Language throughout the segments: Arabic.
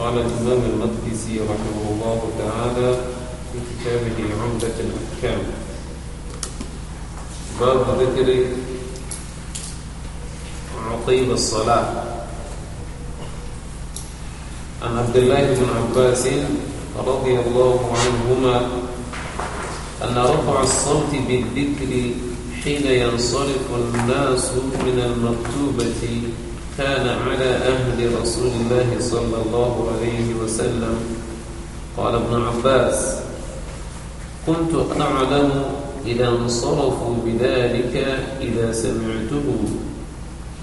قال الإمام المقدسي رحمه الله تعالى في كتابه عمدة الأحكام باب ذكر عقيم الصلاة عن عبد الله بن عباس رضي الله عنهما أن رفع الصوت بالذكر حين ينصرف الناس من المكتوبة كان على أهل رسول الله صلى الله عليه وسلم قال ابن عباس كنت أعلم إذا انصرفوا بذلك إذا سمعته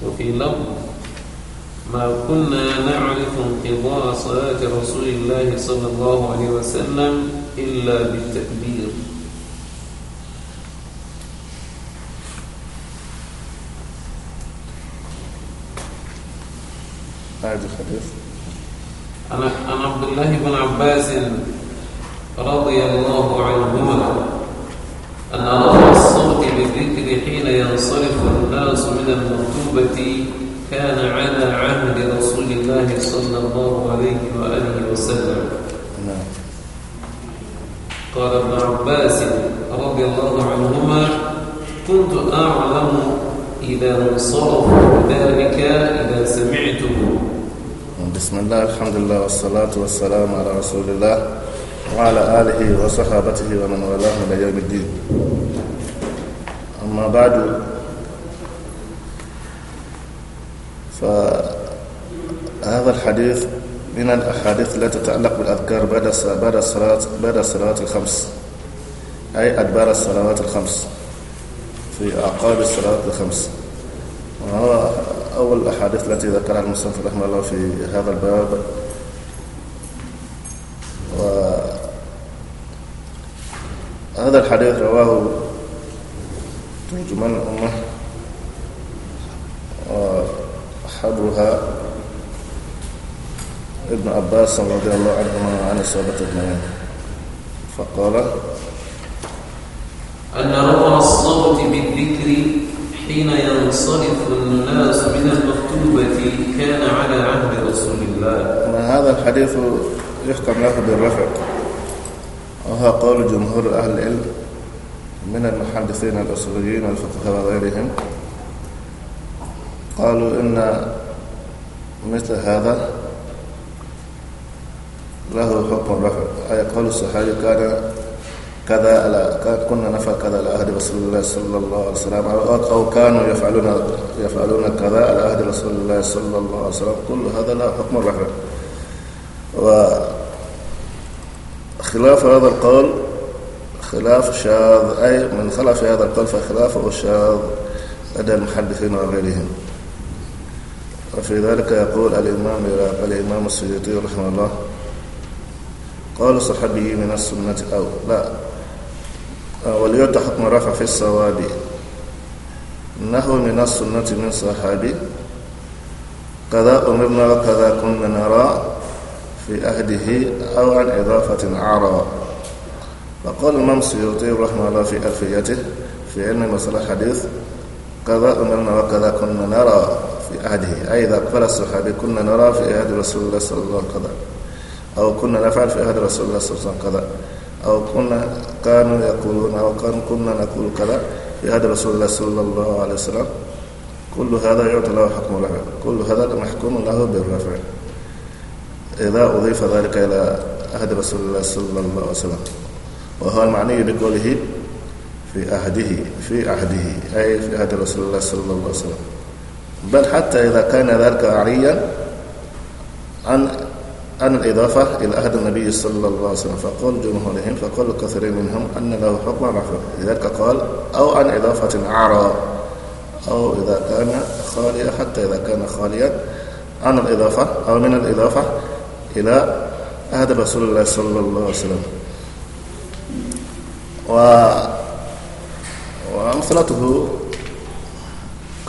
وفي لفظ ما كنا نعرف انقضاء صلاة رسول الله صلى الله عليه وسلم إلا بالتكبير صاحب الحديث أنا عن عبد الله بن عباس رضي الله عنهما أن رفع الصوت بالذكر حين ينصرف الناس من المكتوبة كان على عهد رسول الله صلى الله عليه وآله وسلم نعم. قال ابن عباس رضي الله عنهما كنت أعلم إذا انصرف ذلك إذا سمعته بسم الله الحمد لله والصلاة والسلام على رسول الله وعلى آله وصحابته ومن والاه إلى يوم الدين أما بعد فهذا الحديث من الأحاديث التي تتعلق بالأذكار بعد بعد الصلاة بعد الصلاة الخمس أي أدبار الصلوات الخمس في أعقاب الصلاة الخمس وهو أول الأحاديث التي ذكرها المصنف رحمه الله في هذا الباب و هذا الحديث رواه ترجمان الأمة وحبرها ابن عباس رضي الله عنهما عن الصحابة أجمعين فقال أن رفع الصوت بالذكر حين ينصرف الناس من هذا كان على عهد رسول الله الحديث يختم له بالرفع وهو قول جمهور أهل العلم من المحدثين الأصوليين والفقهاء وغيرهم قالوا إن مثل هذا له حكم رفع أي قول الصحابي كان كذا على كنا نفعل كذا على عهد رسول الله صلى الله عليه وسلم أو كانوا يفعلون يفعلون كذا على عهد رسول الله صلى الله عليه وسلم كل هذا لا حكم الرحمة خلاف هذا القول خلاف شاذ أي من خلف هذا القول فخلافه شاذ لدى المحدثين وغيرهم وفي ذلك يقول الإمام الإمام السيوطي رحمه الله قال صحابي من السنة أو لا وليد حكم رفع في الصواب نهو من السنة من صحابي كذا أمرنا وكذا كنا نرى في أهده أو عن إضافة عرى وقال الإمام السيوطي رحمه الله في ألفيته في علم مصطلح الحديث كذا أمرنا وكذا كنا نرى في أهده أي إذا قال الصحابي كنا نرى في أهد رسول الله صلى الله عليه وسلم كذا أو كنا نفعل في أهد رسول الله صلى الله عليه وسلم كذا أو كنا كانوا يقولون أو كان كنا نقول كذا في هذا رسول الله صلى الله عليه وسلم كل هذا يعطى له حكم له كل هذا محكوم له بالرفع إذا أضيف ذلك إلى أهد رسول الله صلى الله عليه وسلم وهو المعني بقوله في عهده في عهده أي في عهد رسول الله صلى الله عليه وسلم بل حتى إذا كان ذلك عريا عن عن الإضافة إلى أهد النبي صلى الله عليه وسلم فقال جمهورهم فقال كثير منهم أن له حكم رفع لذلك قال أو عن إضافة عرى أو إذا كان خاليا حتى إذا كان خاليا عن الإضافة أو من الإضافة إلى أهد رسول الله صلى الله عليه وسلم و وأمثلته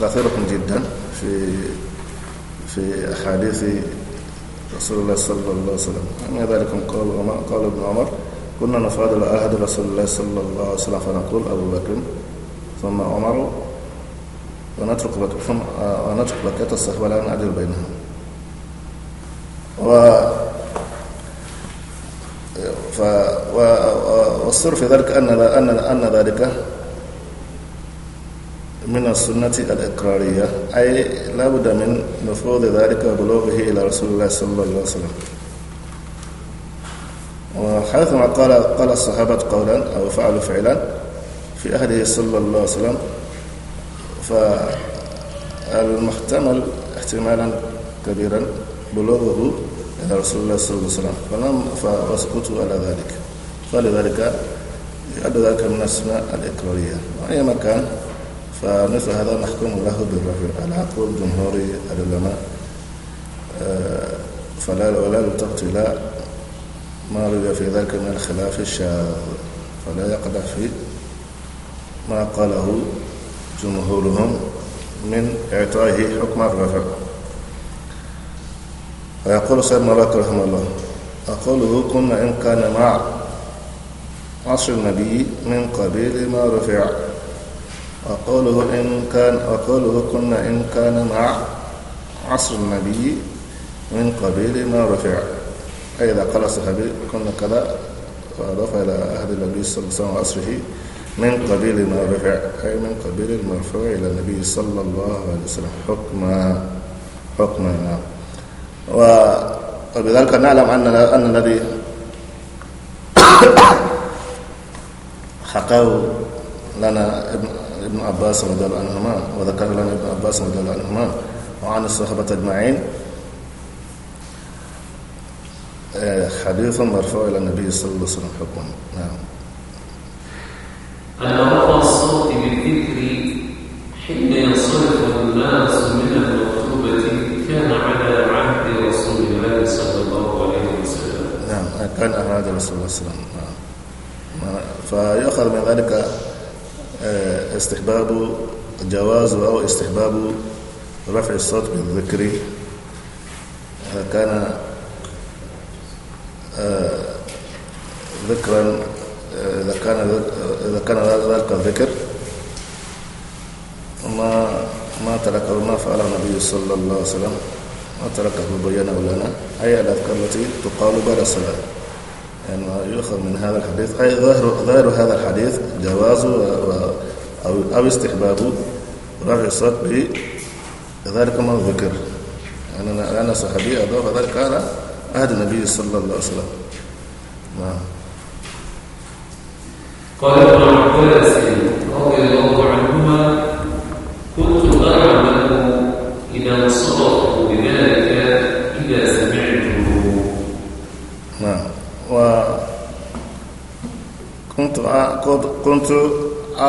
كثيرة جدا في في أحاديث رسول الله صلى الله عليه وسلم أما يعني ذلك قال قال ابن عمر كنا نفعل العهد عهد رسول الله صلى الله عليه وسلم فنقول أبو بكر ثم عمر ونترك بكر ثم آه، ونترك بكرة الصحبة لا نعدل بينهم و ف... و... والسر في ذلك أن أن أن ذلك من السنة الإقرارية أي لا بد من نفوذ ذلك وبلوغه إلى رسول الله صلى الله عليه وسلم وحيثما قال قال الصحابة قولا أو فعلوا فعلا في أهله صلى الله عليه وسلم فالمحتمل احتمالا كبيرا بلوغه إلى رسول الله صلى الله عليه وسلم فلم فأسقطوا على ذلك فلذلك يعد ذلك من السنة الإقرارية وأي مكان فمثل هذا نحكم له بالرفع على اقول جمهور العلماء آه، فلا ولا تقتل ما روي في ذلك من الخلاف الشاذ فلا يقدح في ما قاله جمهورهم من إعطائه حكم الرفع ويقول سيد مراك رحمه الله أقوله كنا إن كان مع عصر النبي من قبيل ما رفع وقوله إن كان وقوله كنا إن كان مع عصر النبي من قبيل ما رفع أي إذا قال الصحابي كنا كذا وأضاف إلى عهد النبي صلى الله عليه وسلم وعصره من قبيل ما رفع أي من قبيل المرفوع إلى النبي صلى الله عليه وسلم حكما حكما نعم وبذلك نعلم أن أن الذي حكاه لنا ابن ابن عباس رضي الله عنهما وذكر لنا ابن عباس رضي الله عنهما وعن الصحابة أجمعين آه، حديث مرفوع إلى النبي صلى الله عليه وسلم حكما نعم استحباب جواز أو استحباب رفع الصوت بالذكر آه، كان آه، ذكرا آه، إذا كان إذا كان ذلك الذكر ما ما تركه ما فعله النبي صلى الله عليه وسلم ما تركه بينه لنا أي الأذكار التي تقال بعد الصلاة يعني يؤخذ من هذا الحديث أي ظاهر ظاهر هذا الحديث جواز أو أو استحبابه رفع الصوت بذلك ما ذكر أنا أنا صحابي أضاف ذلك على عهد النبي صلى الله عليه وسلم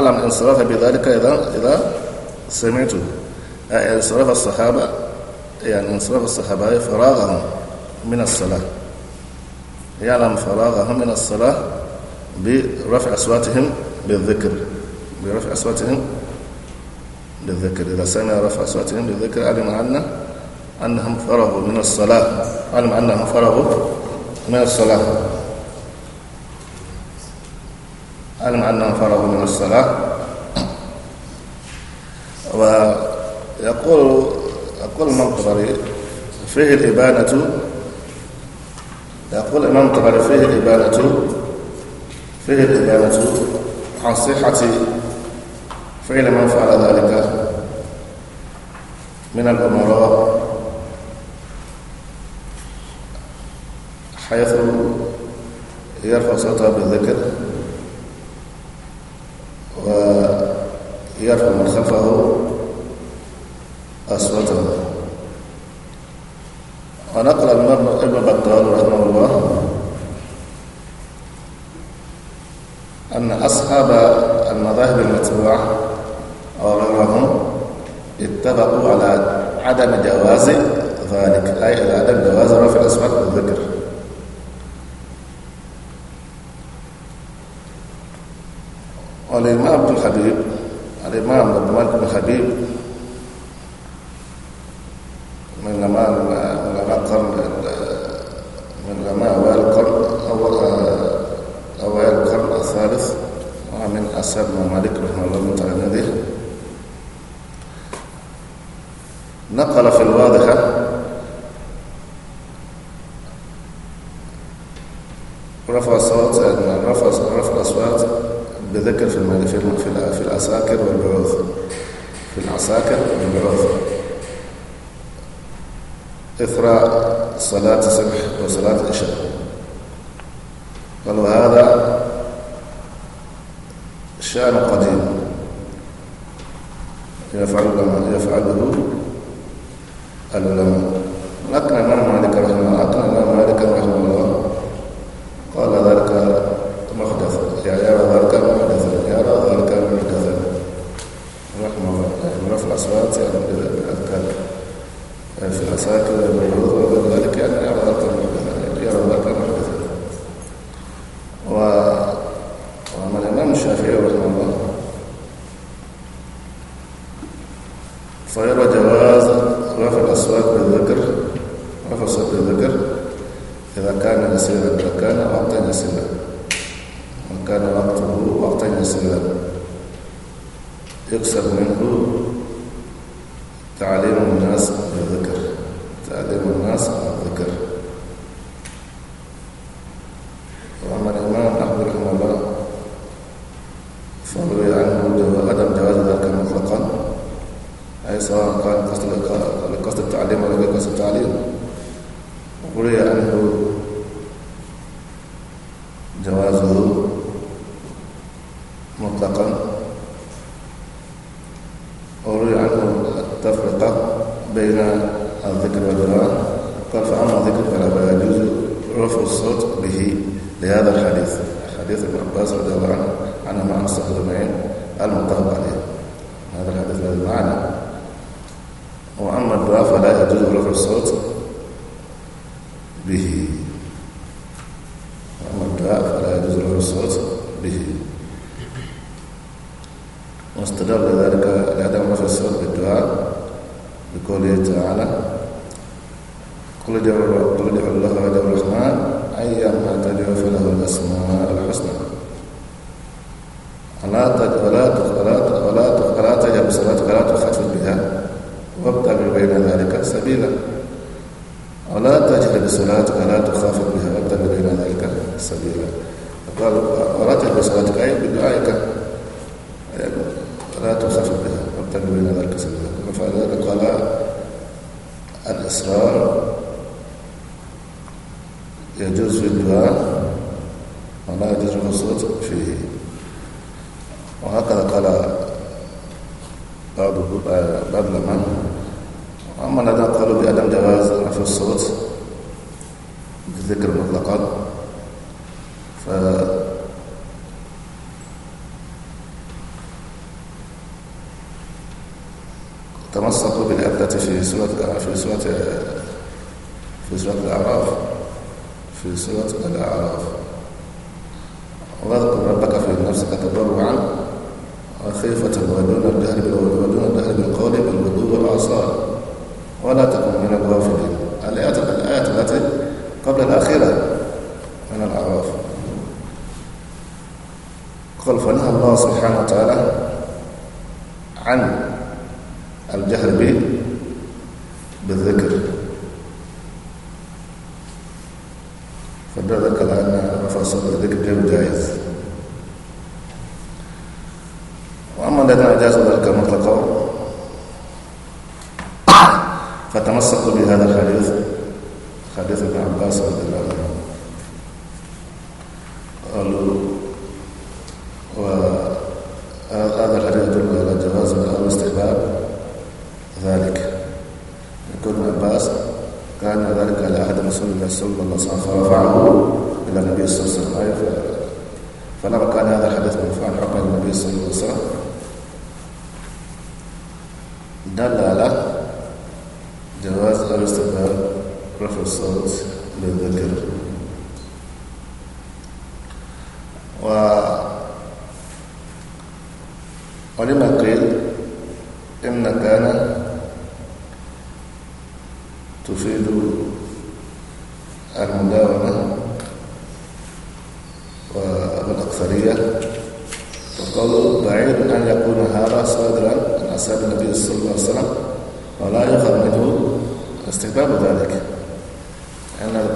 أمر الانصراف بذلك إذا إذا سمعته آه، انصراف الصحابة يعني انصراف الصحابة فراغهم من الصلاة يعلم فراغهم من الصلاة برفع أصواتهم بالذكر برفع أصواتهم بالذكر إذا سمع رفع أصواتهم بالذكر علم أن أنهم فرغوا من الصلاة علم أنهم فرغوا من الصلاة علم أنهم فرغ من الصلاة ويقول يقول المنقذري فيه الإبانة يقول الإمام الطبري فيه الإبانة فيه الإبانة عن صحة فعل من فعل ذلك من الأمراء حيث يرفع صوته بالذكر يرفع من خلفه أصوته ونقل ابن بطال رحمه الله أن أصحاب المذاهب المتبوعة أو غيرهم اتفقوا على عدم جواز ذلك أي على عدم جواز رفع الأصوات بالذكر والإمام عبد الحبيب de... las la de وهكذا قال بعض بعض الامام أما الذين قالوا بعدم جواز رفع الصوت بالذكر مطلقا ف تمسكوا بالعدة في سورة في سورة في سورة الأعراف في سورة الأعراف واذكر ربك في نفسك تضرعا وخيفة ودون الدهر ودون الدهر بالقول بالغدو والأعصار ولا تكن من الغافلين الآيات الآيات التي قبل الأخيرة من الأعراف قل فنهى الله سبحانه وتعالى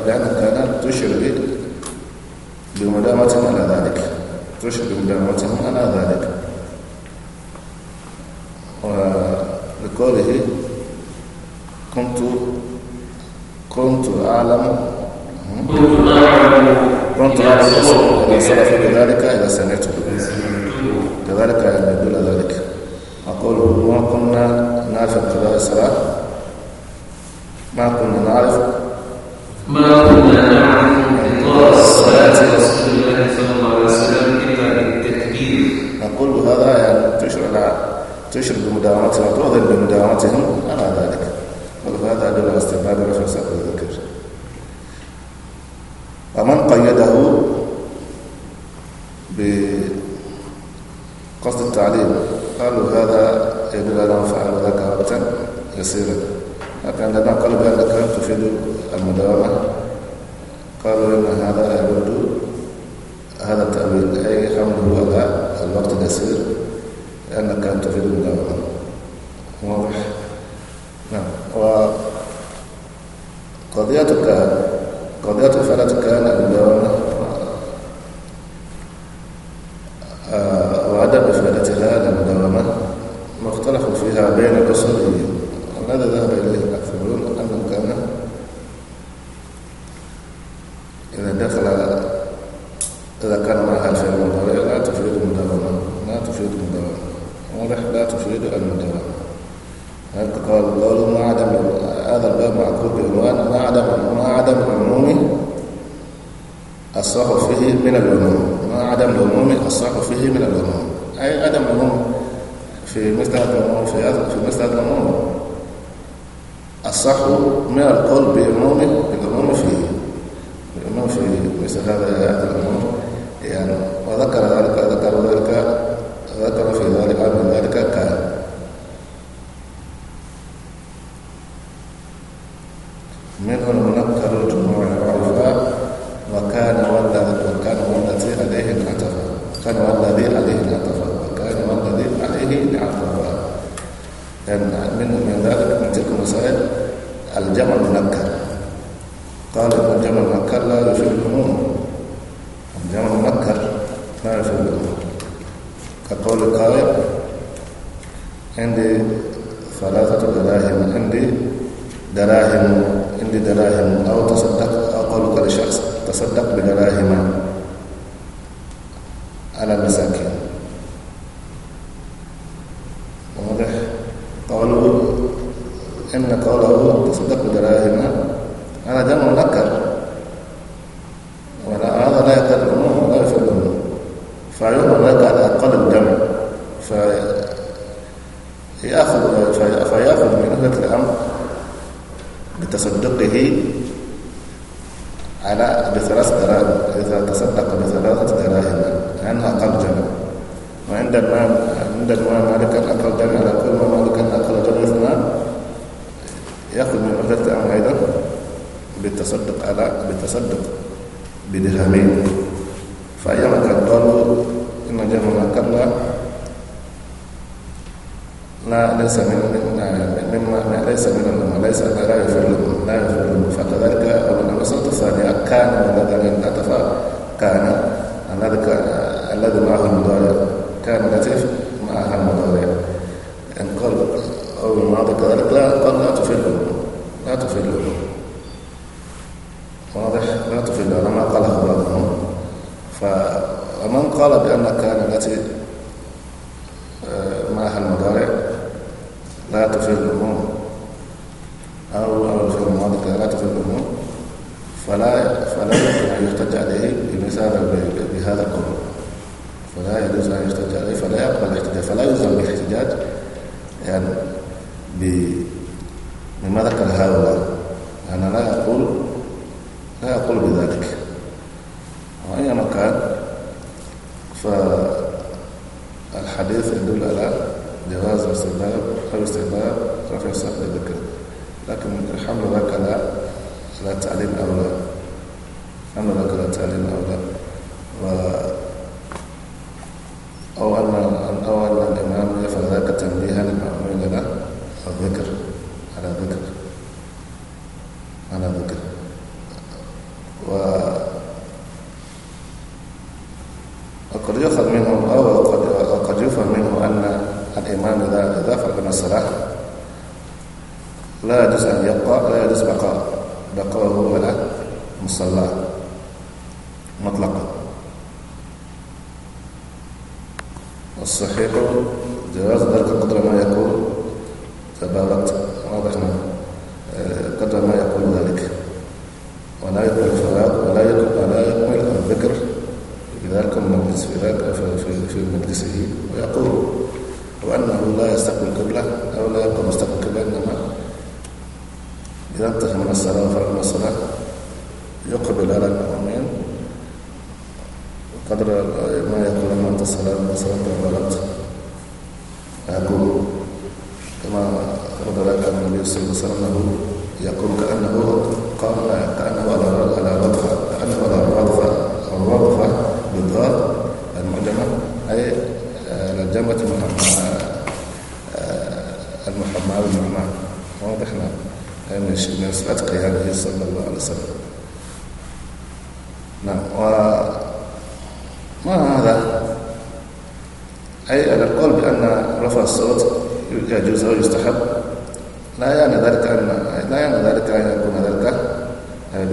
لأن لا تشر بمداومتهم على ذلك تشر بمداومتهم على ذلك ولقوله كنت كنت أعلم كنت أعلم إذا صرف بذلك إذا سمعت كذلك أن يدل ذلك أقول ما كنا نعرف ابتداء الصلاة ما كنا نعرف رسول الله صلى الله عليه وسلم إلا بالتكبير نقول هذا يعني على تشرع بمداومتهم وتؤذن بمداومتهم على ذلك وهذا يدل على استبعاد الرسول صلى الله ومن قيده بقصد التعليم قالوا no. بهذا القول فلا يجوز أن يحتج عليه فلا يقبل الاحتجاج فلا يلزم بالاحتجاج يعني بما ذكر هؤلاء أنا لا أقول لا أقول بذلك وأينما كان فالحديث يدل على جواز استحباب أو استحباب رفع السقف للذكر لكن الحمد لله لا لا تعليم أولى الحمد لله لا تعليم أولى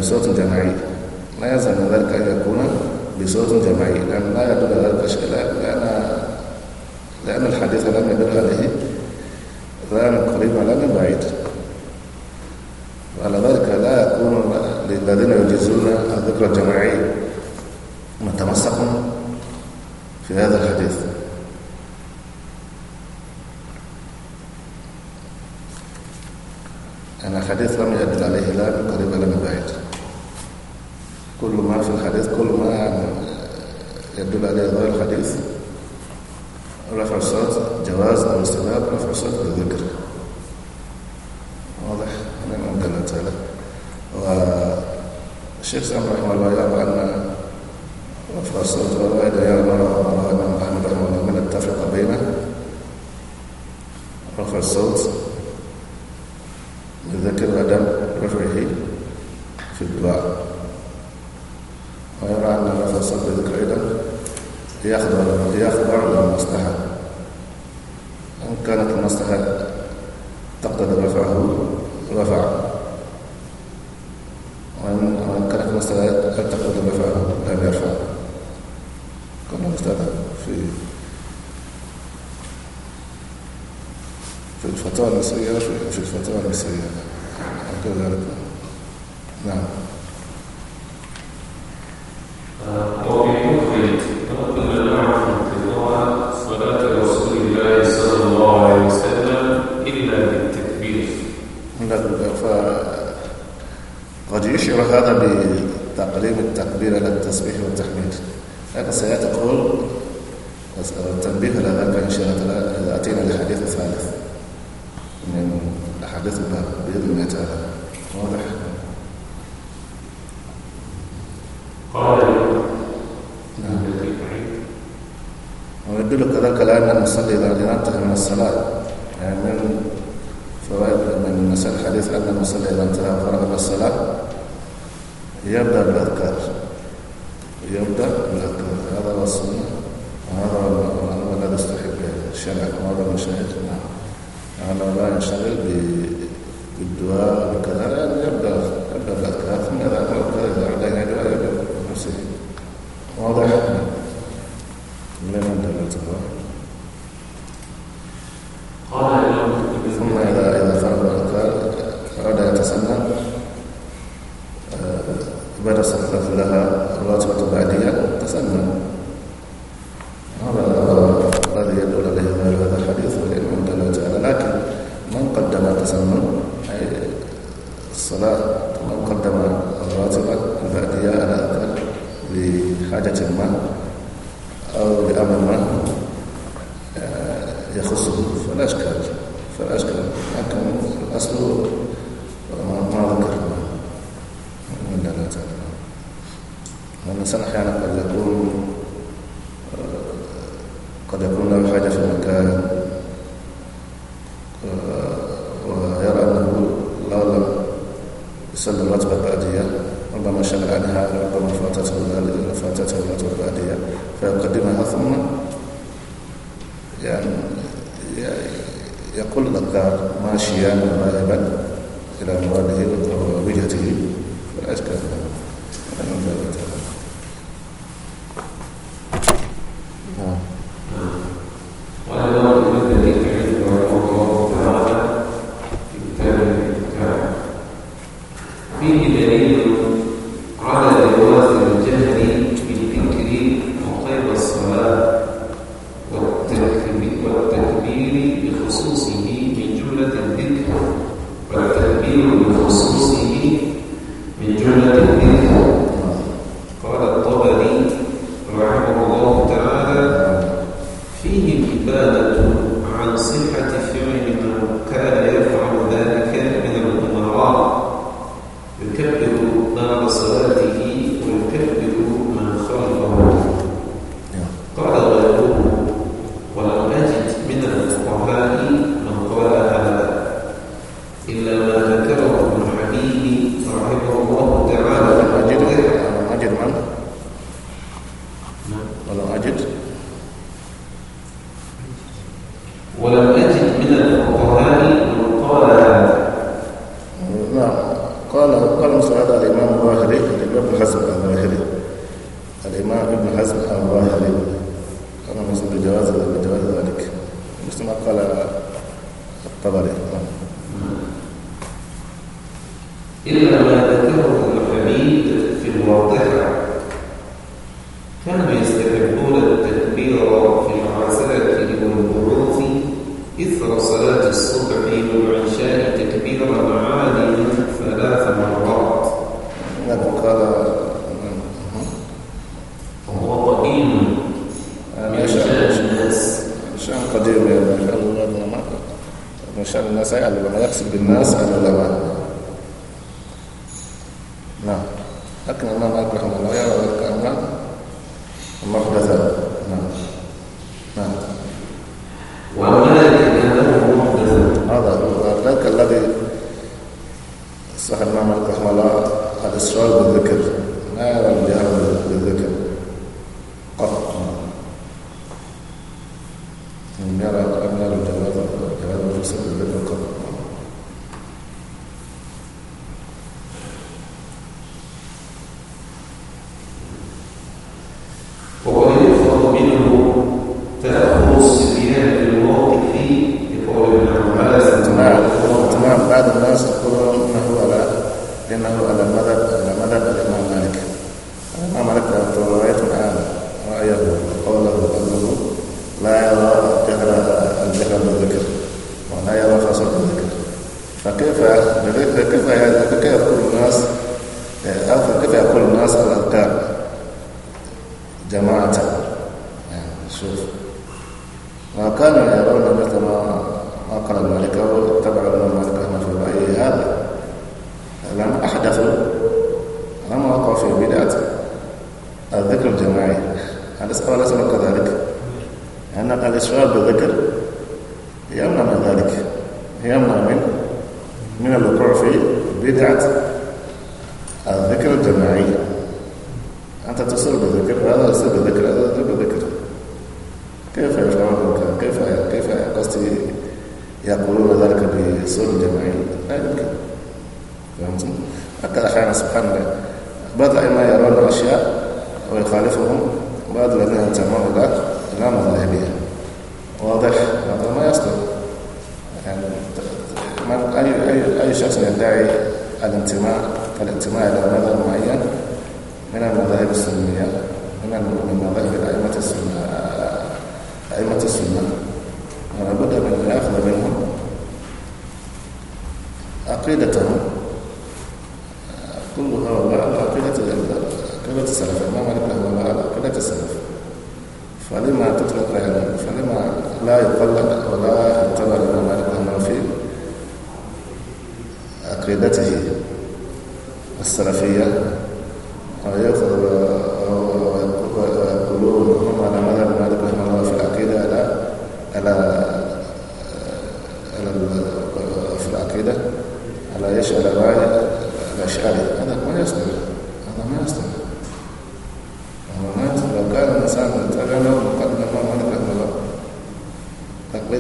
بصوت جماعي لا يلزم من ذلك أن يكون بصوت جماعي لأن لا يدل ذلك شيء لأن لأن الحديث لم يدل عليه لا من قريب ولا من بعيد سيئة في الفتاوى النسائية وكذلك نصلي المصلي إذا لينتهي من الصلاة يعني من فوائد من مسائل الحديث أن المصلي إذا انتهى وفرغ من الصلاة يبدأ بالأذكار يبدأ بالأذكار هذا هو السنة وهذا هو الذي استحب الشرع وهذا هو الشهيد نعم يعني لا ينشغل بالدعاء وكذا يعني يبدأ يبدأ بالأذكار ثم إذا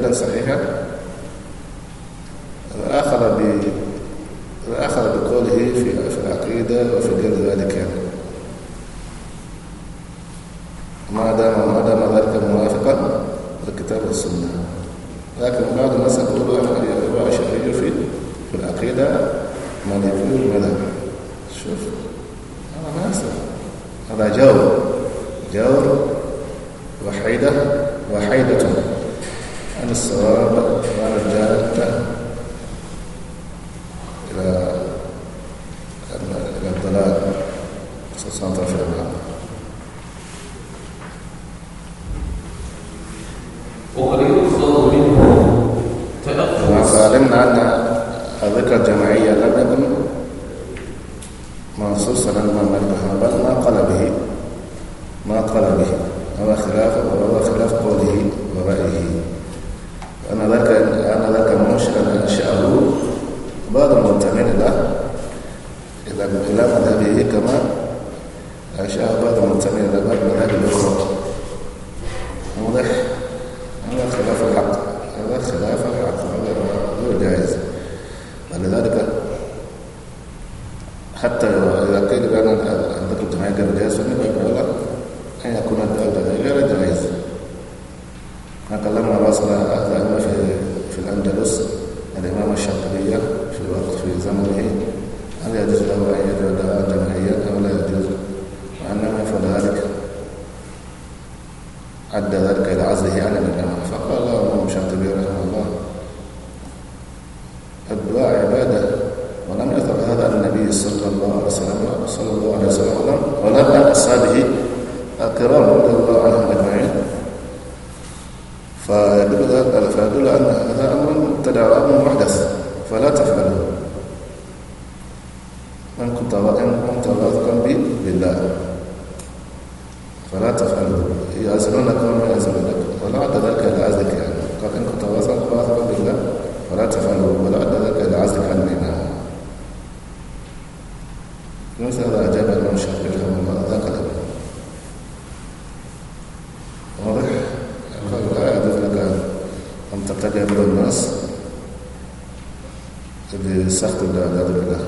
جدا صحيحة أن كنت كنت واثقا بالله فلا تفعلوا يأذنونك وما يأذنونك ولعل ذلك لعزك يعني قال إن كنت واثقا بالله فلا تفعله ولعل ذلك لعزك عن بناء لماذا هذا أجاب الإمام الشافعي الله ذاك الأمر واضح؟ قال لا يجوز لك أن تتجاهل الناس بسخط الله لا الله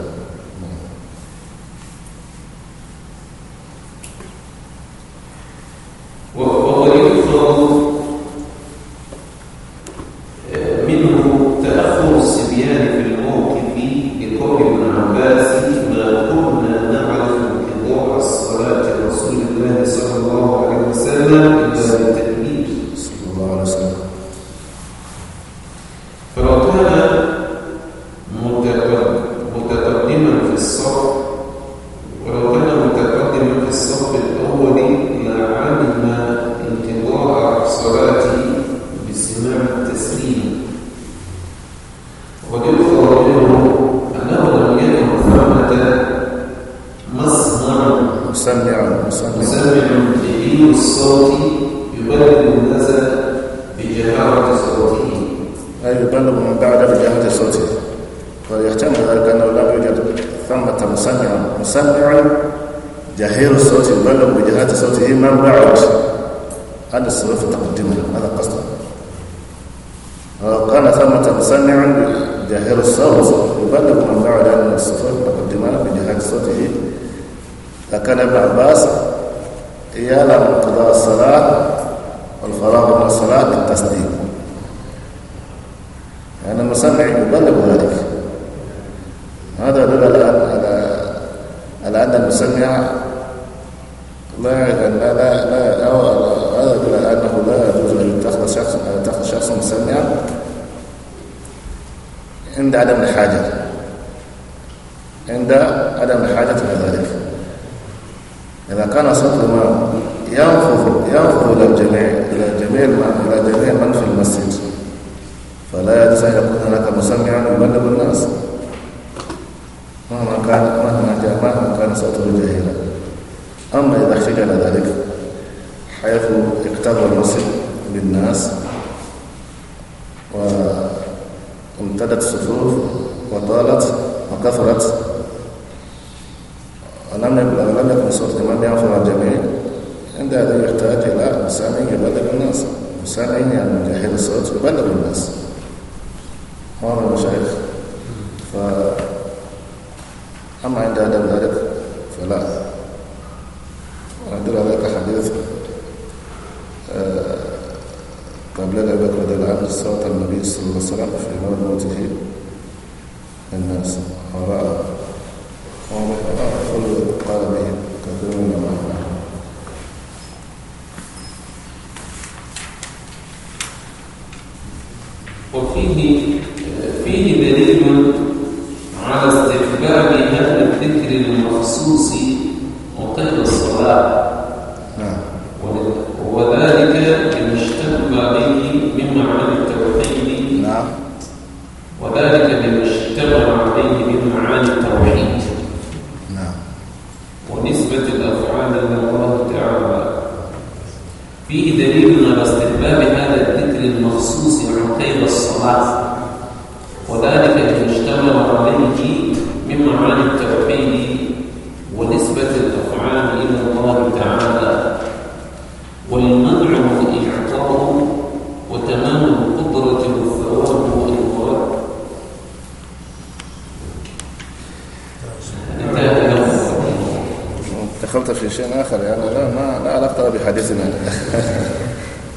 الدنيا عند عدم الحاجة عند عدم الحاجة إلى ذلك إذا كان صدر ما ينفذ ينفذ إلى الجميع إلى جميع إلى جميع من في المسجد فلا يجوز أن يكون هناك مسمعا يبلغ الناس مهما كان مهما جاء مهما كان صوته جاهلا أما إذا احتج على ذلك حيث اقتضى المسجد بالناس امتدت الصفوف وطالت وكثرت ولم ولم يكن صوت كمان ينفع الجميع عند هذا يحتاج الى انسان يبلغ الناس انسان يعني من يحيل الصوت يبلغ الناس واضح المشايخ يعني لا ما لا علاقة بحديثنا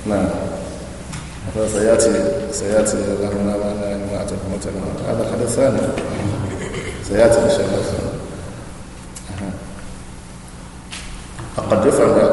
نعم سياتي سياتي اللهم لا مانع لما متنا هذا الحديث ثاني سياتي ان شاء الله قد يفهم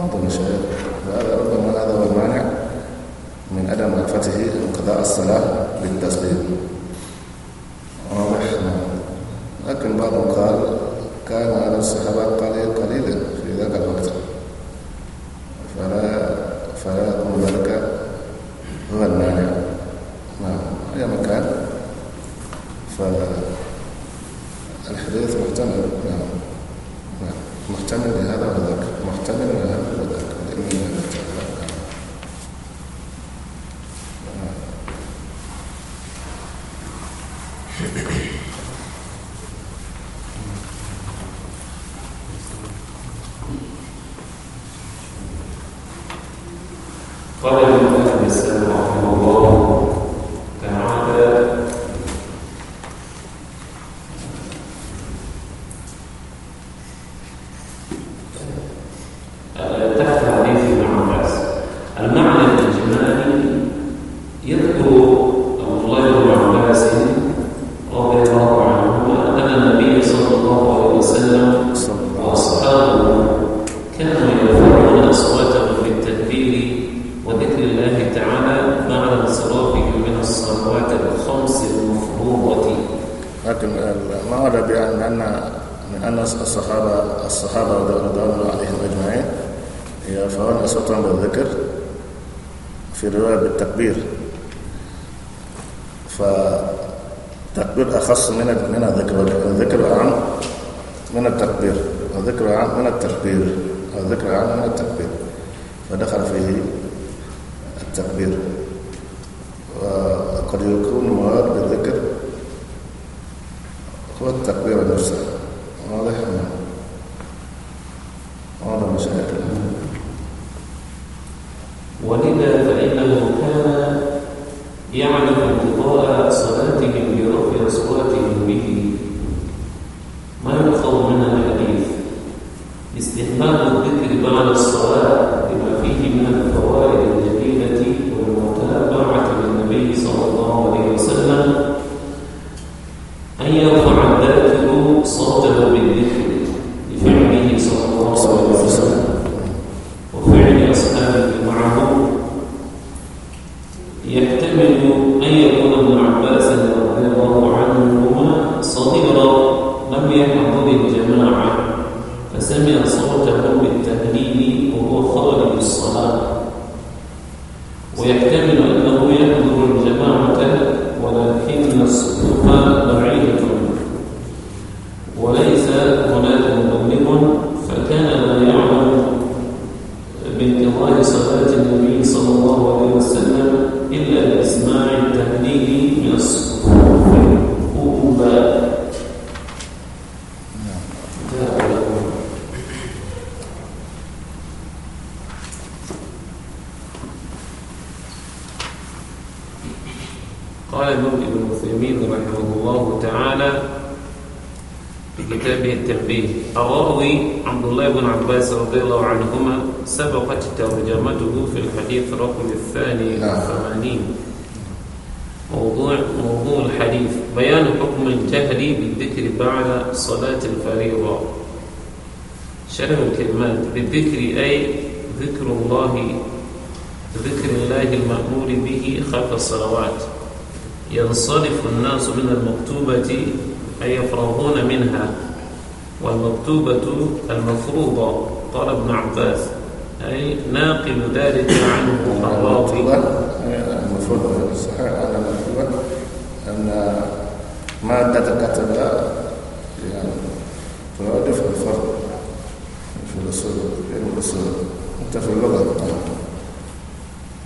أظن شيء هذا ربما هذا هو المانع من عدم رأفته انقضاء الصلاة بالتسليم به ما يؤخذ من الحديث استحباب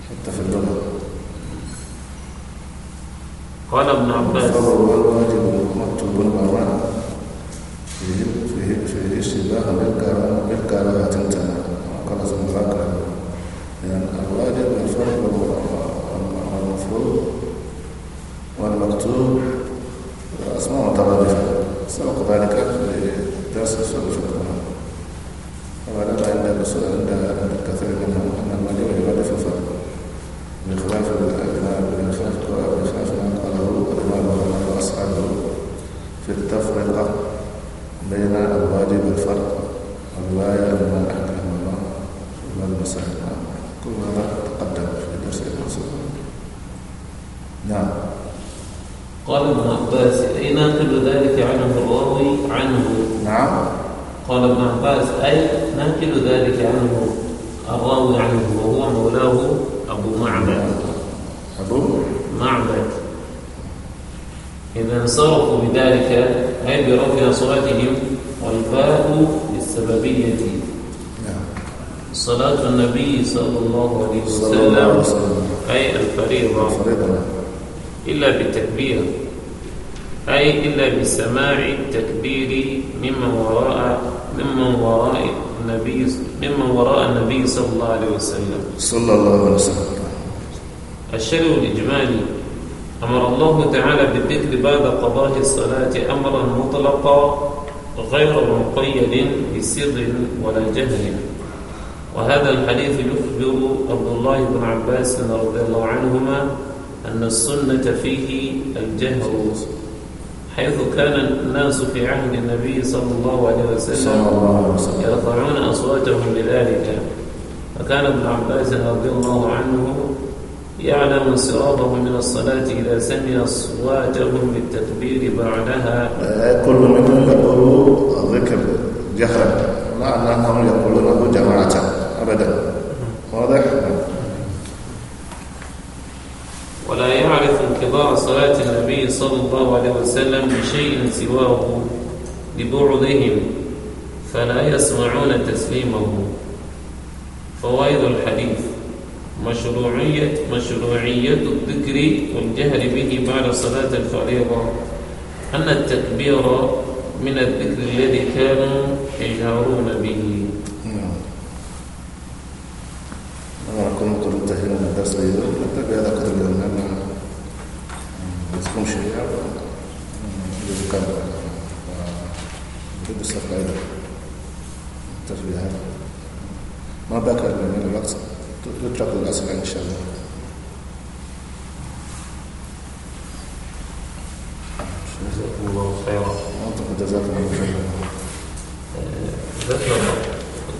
حتى في اللغة قال ابن عباس الواجب المكتوب المعنى في الاشتباه بالكراهة تمتنع وقال زمراك لأن الواجب الفرق والمفروض والمكتوب أسماء مترادفة سبق ذلك في درس السلوك سماع التكبير ممن وراء ممن وراء النبي ممن وراء النبي صلى الله عليه وسلم صلى الله عليه وسلم الشرع الإجمالي أمر الله تعالى بالذكر بعد قضاء الصلاة أمرا مطلقا غير مقيد بسر ولا جهل وهذا الحديث يخبر عبد الله بن عباس رضي الله عنهما أن السنة فيه الجهل حيث كان الناس في عهد النبي صلى الله عليه وسلم يرفعون أصواتهم لذلك فكان ابن عباس رضي الله عنه يعلم انصرافه من الصلاة إذا سمع أصواتهم بالتكبير بعدها آه، كل منهم يقول ذكر جهرا لا أنهم صلى الله عليه وسلم بشيء سواه لبعضهم فلا يسمعون تسليمه فوائد الحديث مشروعية مشروعية الذكر والجهر به بعد صلاة الفريضة أن التكبير من الذكر الذي كانوا يجهرون به الأسماء إن شاء الله جزاكم الله خيرا جزاكم الله خيرا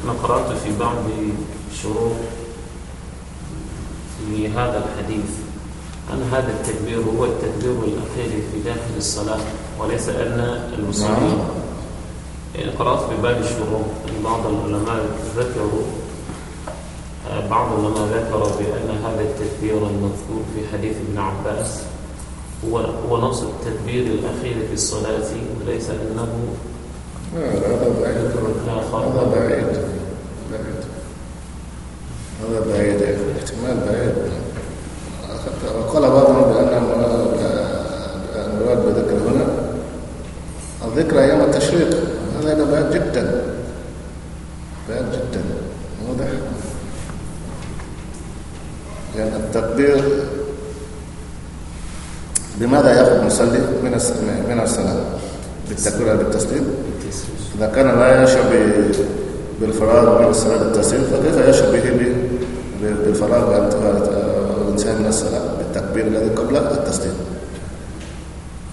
أنا قرأت في بعض شروط لهذا الحديث أن هذا التكبير هو التكبير الأخير في داخل الصلاة وليس أن المسلمين نعم. يعني قرأت في باب الشروط بعض العلماء ذكروا بعضنا ذكر بأن هذا التدبير المذكور في حديث ابن عباس هو هو نفس التدبير الأخير في الصلاة وليس أنه لا هذا بعيد هذا بعيد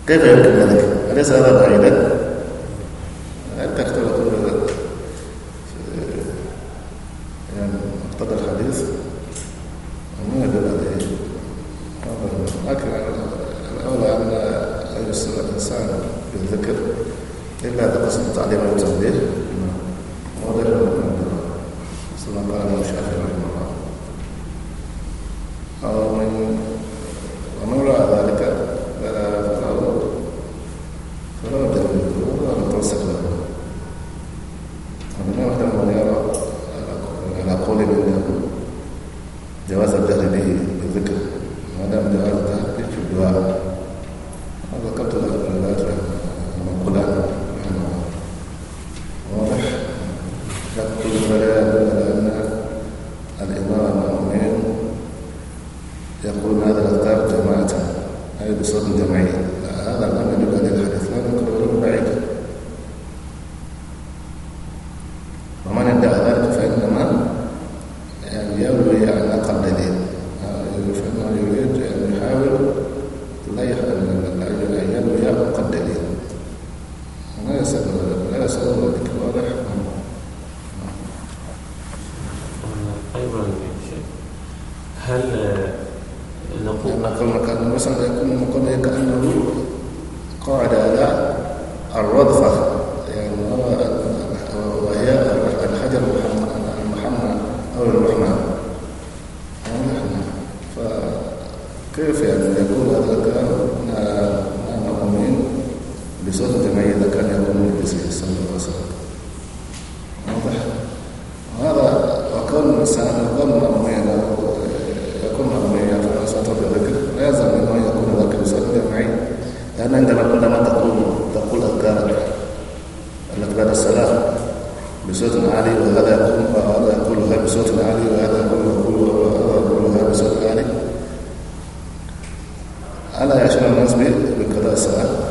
qué tal qué que ¿a على يشعر الناس السلام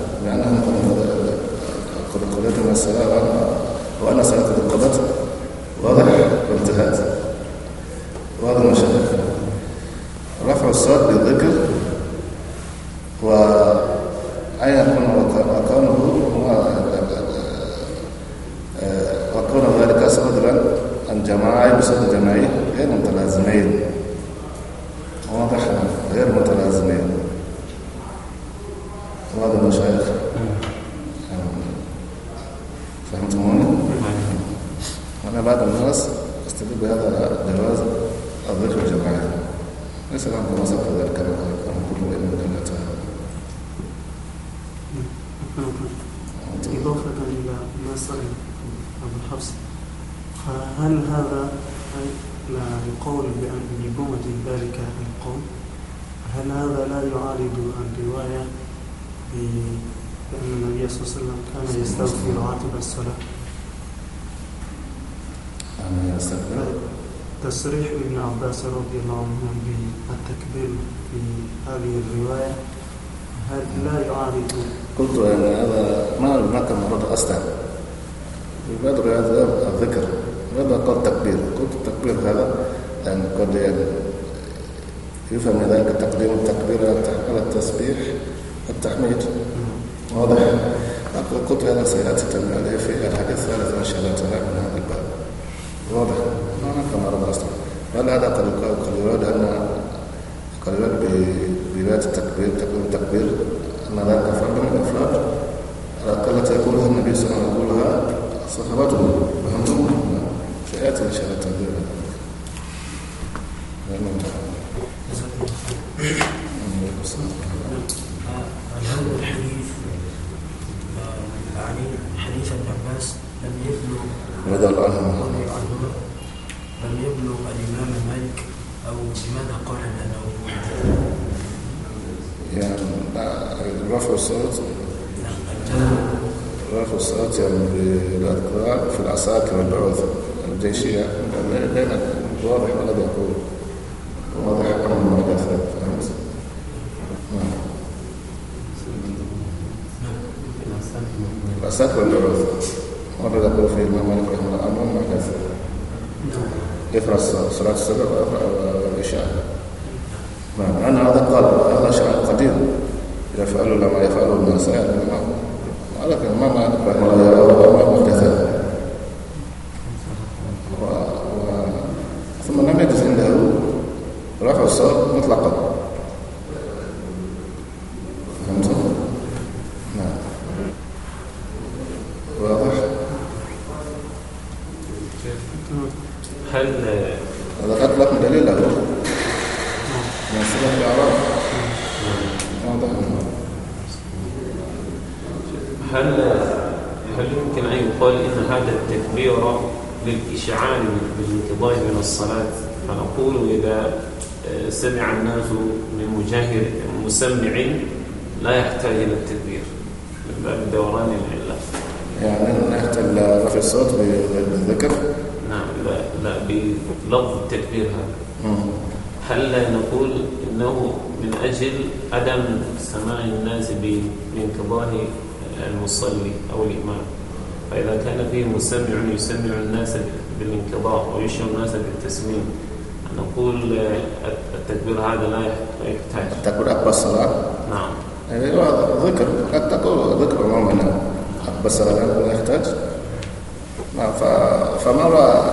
حديث ابن عباس لم يبلغ رضي الله عنهما لم يبلغ الإمام مالك أو لماذا قال أنه يعني رفع الصوت نعم، رفع الصوت يعني بالأذكار في العساكر والبعوث الجيشية دائما واضح ولا بيقول واضح أمر المحدثات الفساد والعروض مرة ذكروا في الإمام مالك رحمه الله أمر محدث يقرأ صلاة الصبح والعشاء نعم عن هذا قال هذا شأن قديم يفعل لما يفعله الناس يعني مسمع لا يحتاج إلى التدبير من باب دوران العلة يعني إلى رفع الصوت بالذكر نعم لا لا بلفظ التدبير هذا هل لا نقول إنه من أجل عدم سماع الناس بانتظار المصلي أو الإمام فإذا كان فيه مسمع يسمع الناس بالانتظار ويشعر الناس بالتسميم نقول التكبير هذا لا يحتاج التكبير أكبر الصلاة نعم يعني ذكر قد تقول ذكر عموما أكبر الصلاة لا يحتاج نعم فمرة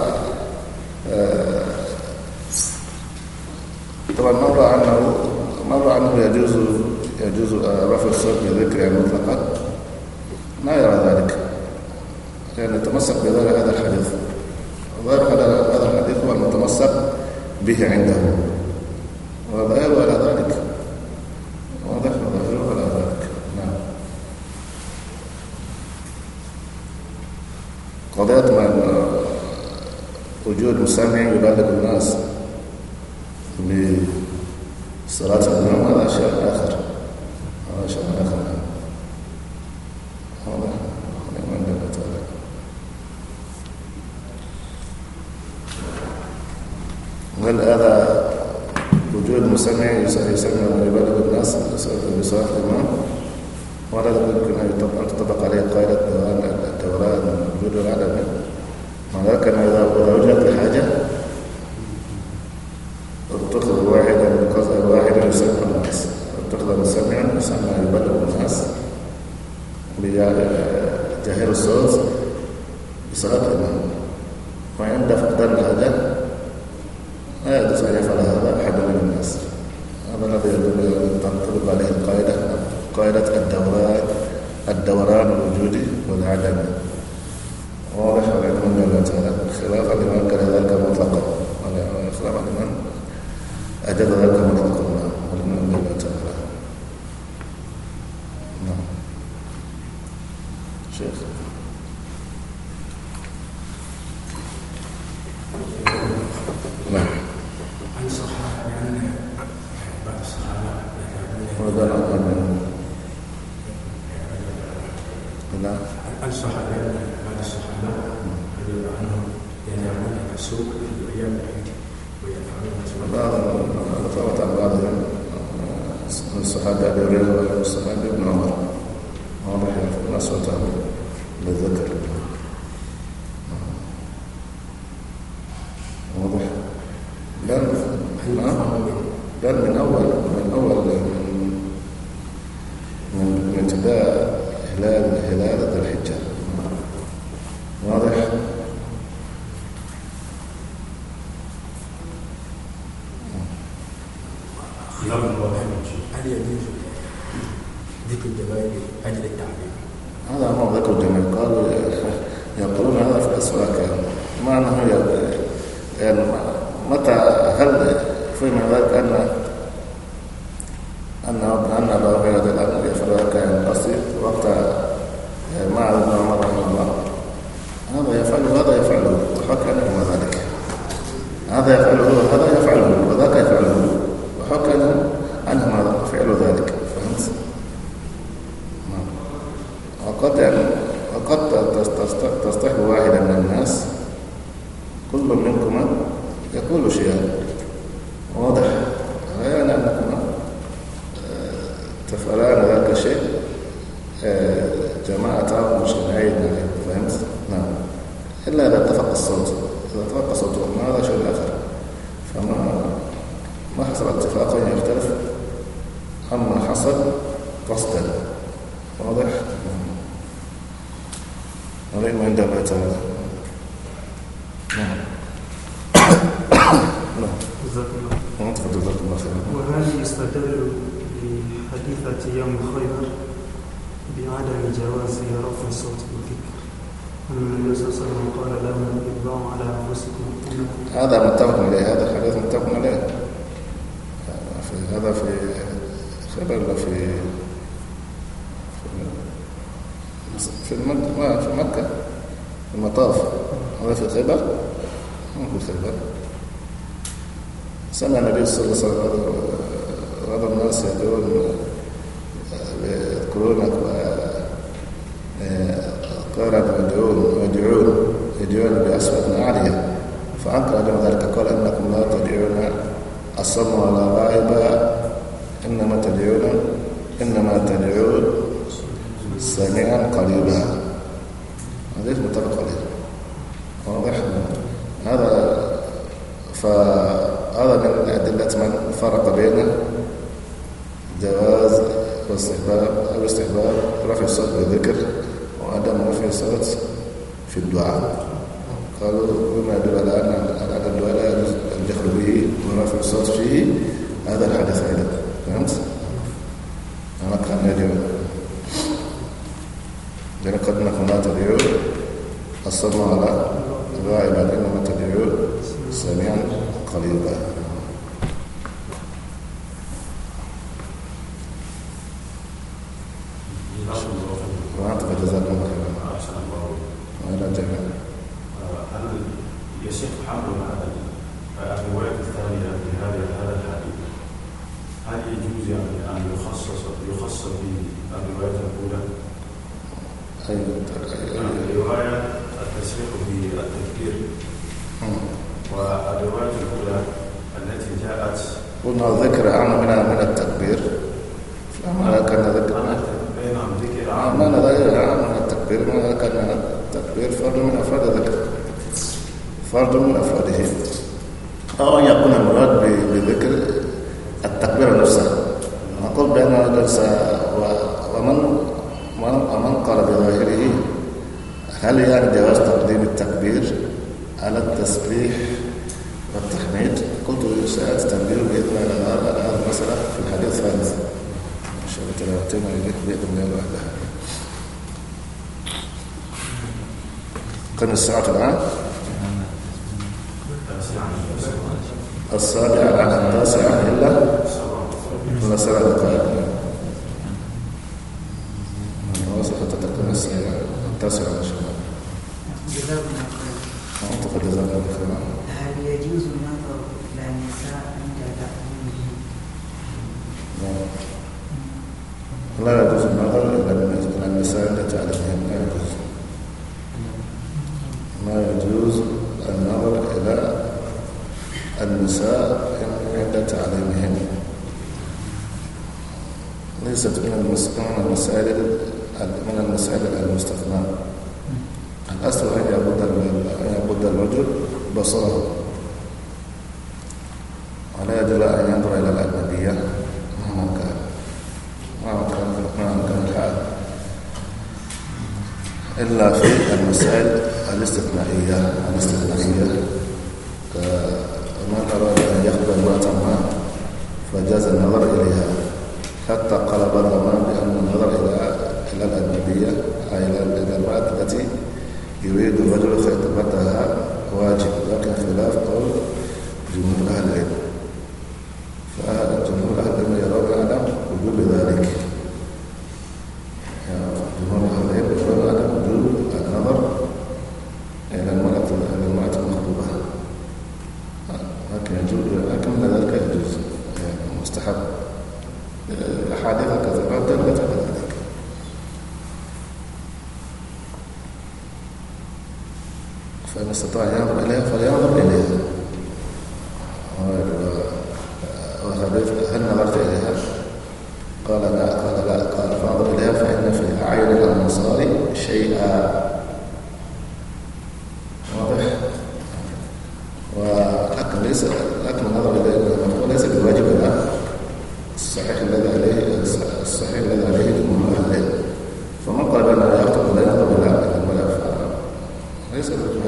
آه، طبعا مرة أنه مرة أنه يجوز يجوز آه، رفع الصوت بذكر مطلقا يعني ما يرى ذلك لأن يعني يتمسك بذلك هذا الحديث وذلك هذا الحديث هو المتمسك به عنده sabem ajudar a nós. بل من أول عليه الصلاة والسلام بعض الناس يدعون يذكرون آه، قال يدعون يدعون يدعون بأصوات عالية فأنكر لهم ذلك قال أنكم لا تدعون الصم ولا السابعة عن التاسعة إلا ثم سبع دقائق وصفة تقديم التاسعة ليست من المسائل من المسائل المستثناة الأصل أن يبد أن يبد الرجل بصره ولا يجوز أن ينظر إلى الأجنبية مهما كان مهما كان ما كان الحال إلا في المسائل الاستثنائية الاستثناء Gracias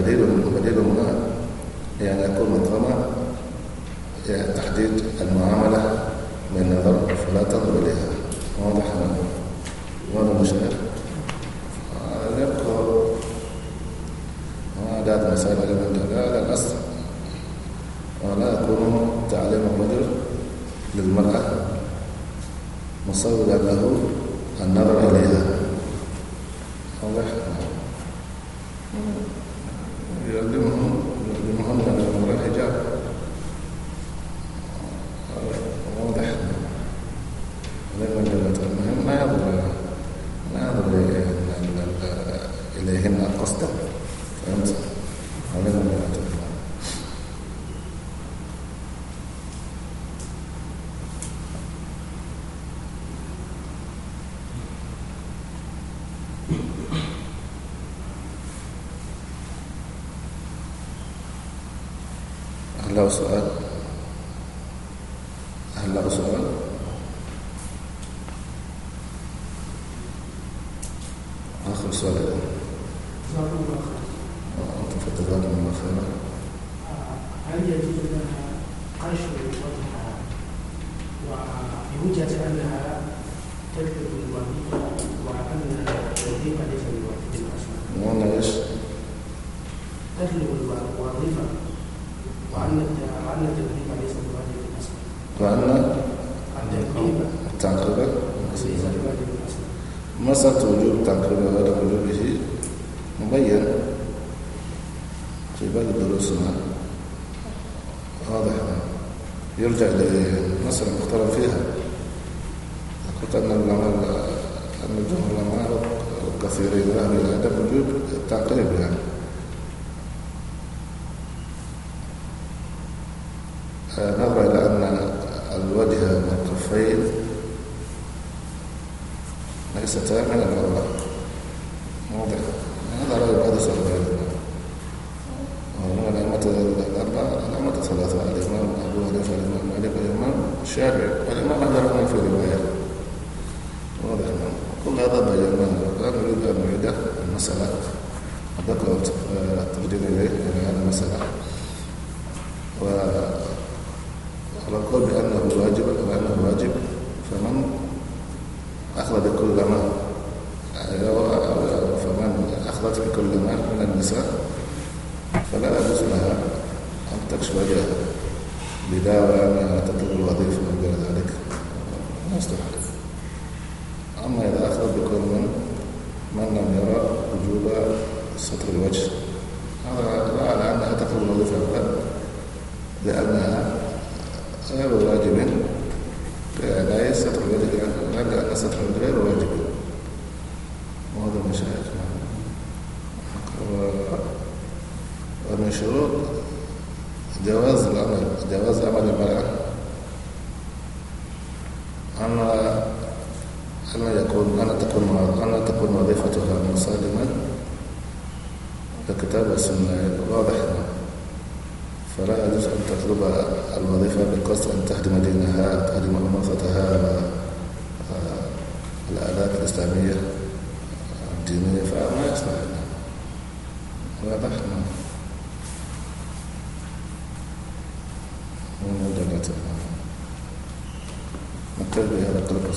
بديل بديل هنا يعني يكون مطعما يعني تحديد المعاملة من نظر فلا تنظر إليها واضح هذا المشكلة يبقى عدد مسائل من هذا الأصل ولا يكون تعليم الرجل للمرأة مصوبا له النظر إليها 我说。نرجع لمصر المختلف فيها قلت أن العلماء أن الجمهور العلماء الكثيرين ذهبوا إلى يعني أدب وجود التعقيب يعني آه، نرى إلى أن الوجه والكفين ليستا من العورة واضح هذا رأي بعض السلفيين وهم الأئمة الأربعة الأئمة الثلاثة مؤلف الإمام مؤلف الإمام الشافعي والإمام أحمد رحمه في الرواية واضح نعم كل هذا بيناه الان نريد أن نعيد المسألة ذكرت التقديم إليه يعني هذه المسألة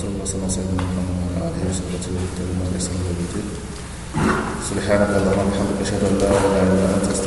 صلى وسلم سيدنا محمد وعلى اله وصحبه وسلم وسلم وبارك سبحانك اللهم وبحمدك اشهد ان لا اله الا انت